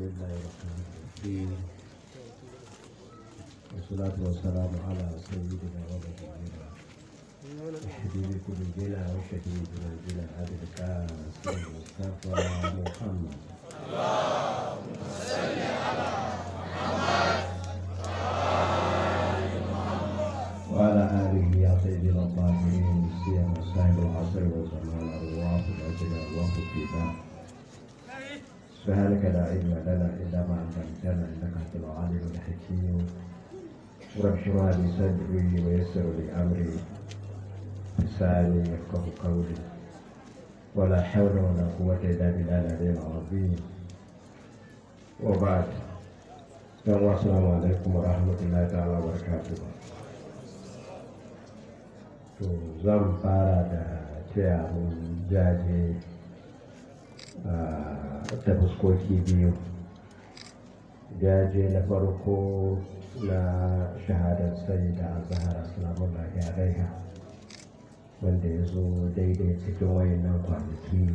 بسم الله الرحمن الرحيم والصلاة والسلام على سيدنا ونبينا الحبيب كل الجنة والشهيد من الجنة الكاس المصطفى محمد اللهم صل على محمد وعلى آله يا سيدي الطاهرين سيما صاحب العصر والزمان أرواح الأجل الله في ذاك سبحانك لا علم لنا إلا ما علمتنا إنك أنت العالم الحكيم رب اشرح لي صدري ويسر لي أمري لساني يفقه قولي ولا حول ولا قوة إلا بالله العلي العظيم وبعد السلام عليكم ورحمة الله تعالى وبركاته to zan fara da ta fuskoki biyu jaje na farko na shahadar sai da azahara salamullahi alaiha wanda ya zo daidai cikin wayannan kwanaki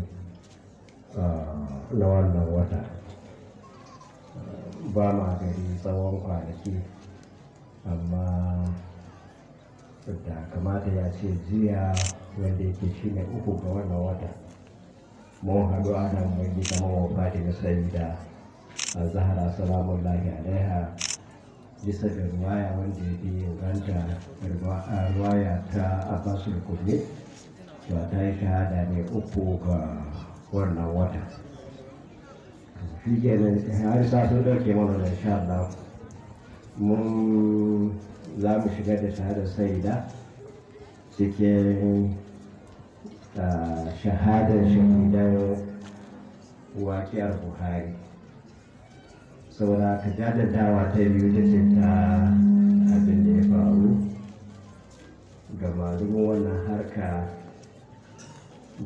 ah, na wannan wata ba ma gari tsawon kwanaki amma da kamata ya ce jiya wanda yake shi ne uku ga wannan wata mun haɗu a nan mun yi wa a Zahra, salamun lahi alaiha bisa da ruwaya wanda ya fi inganta ruwaya ta abbasul kuɗi ba ta yi shahada ne uku ga wannan wata shi kenan har sa sun ɗauke mana da insha Allah mun za mu shiga da shaharar saida cikin shahadar shahidar waƙiyar buhari saboda ka jadadawa ta biyu ta ce ta abin da ya faru ga masu wannan harka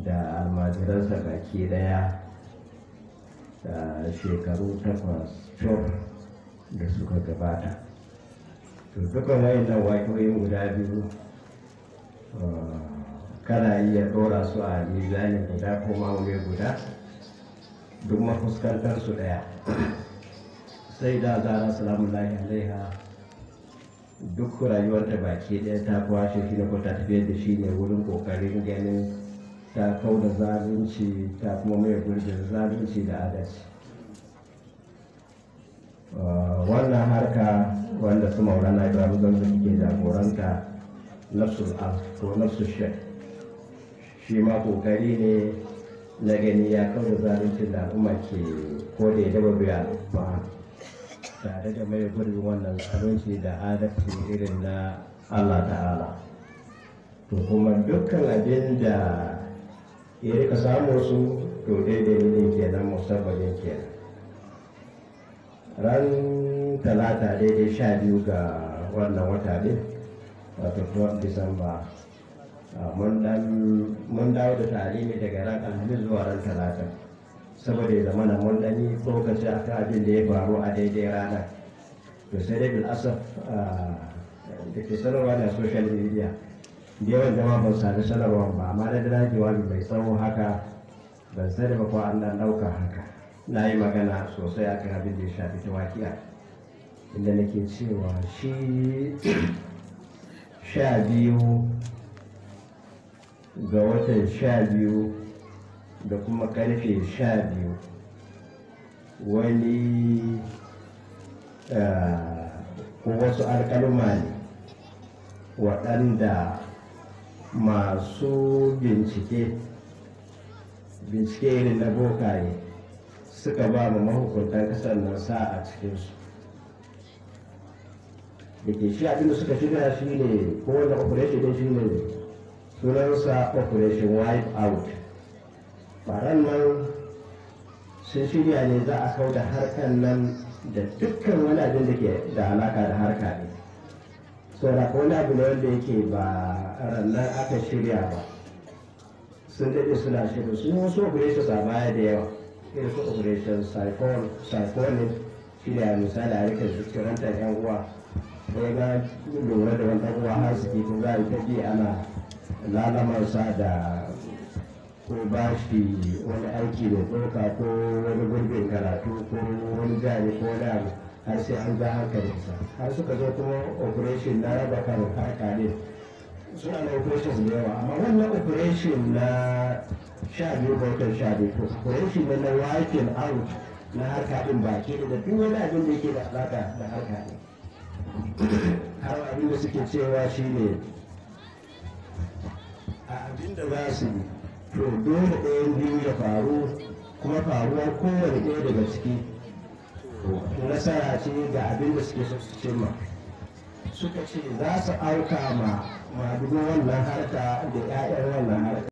da almajiransa baki daya da shekaru takwas cok da suka gabata to duka wayan nan guda biyu kana iya ɗora su a mizani guda ko ma'aure guda duk mafuskantar su ɗaya sai da zara salamun lahi alaiha duk rayuwar da baki ɗaya ta kwashe shi ne ko ta tafiye da shi ne wurin ƙoƙarin ganin ta kau da zalunci ta kuma mai gurbin zalunci da adalci ah, wannan harka wanda su maulana ibrahim zanzu ke jagoranta nafsul ko nafsul shek shi ma kokari ne na gani ya kawo zaluncin da al'umma ke ko da ya daba biya ba tare da mai gurbin wannan zalunci da adalci irin na Allah ta'ala to kuma dukkan abin da ya rika samu su to daidai ne kenan musabbabin kenan ran talata daidai sha biyu ga wannan wata ne wato 12 disamba Ah, mun dawo da tare ne daga ran alhamis zuwa ran talata saboda ya zama mun dani ko tsokaci a kan abin da ya faru a daidai rana. to sai dai bil'asaf ah, da ke sanarwa da social media da yawan jama ban sami sanarwa ba amma na da dajewa bai tsawo haka ban sani ba ko an dan ɗauka haka na yi magana sosai a kan abin da ya shafi tawakiya inda nake cewa shi sha biyu ga watan sha biyu da kuma karfe sha biyu wani eh, ko wasu alkalma ne waɗanda masu bincike bincike irin na bokaye suka ba mu mahukuntan ƙasar nan sa a cikinsu da ke shi abinda suka shirya shi ne kowane operation shi ne sunansa operation wipe out faran nan sun shirya ne za a kau da harkan nan da dukkan wani abin da ke da alaka da harka ne saboda wani abu ne wanda yake ba rannan aka shirya ba sun daɗe suna shirin sun wasu operation a baya da yawa irin su operation siphonic shi misali a rikin zuciyar yan uwa da ya ga lura da wani uwa har su ke za a yi ta ana sa da ko ba shi wani aiki da ɗauka ko wani gurbin karatu ko wani jari ko wani har sai an ja hankalinsa har suka zo kuma operation na raba karo haka ne suna da operation da yawa amma wannan operation na sha biyu ga sha biyu ko operation na na wakin out na harka ɗin baki da duk wani abin da yake da alaƙa da harka ne har abin da suke cewa shine abin za su yi to dole ɗayan biyu ya faru kuma faruwa kowane ɗaya daga ciki nasara ce ga abin da suke son su cimma suka ce za su auka ma dubu wannan harka da 'ya'yan wannan harka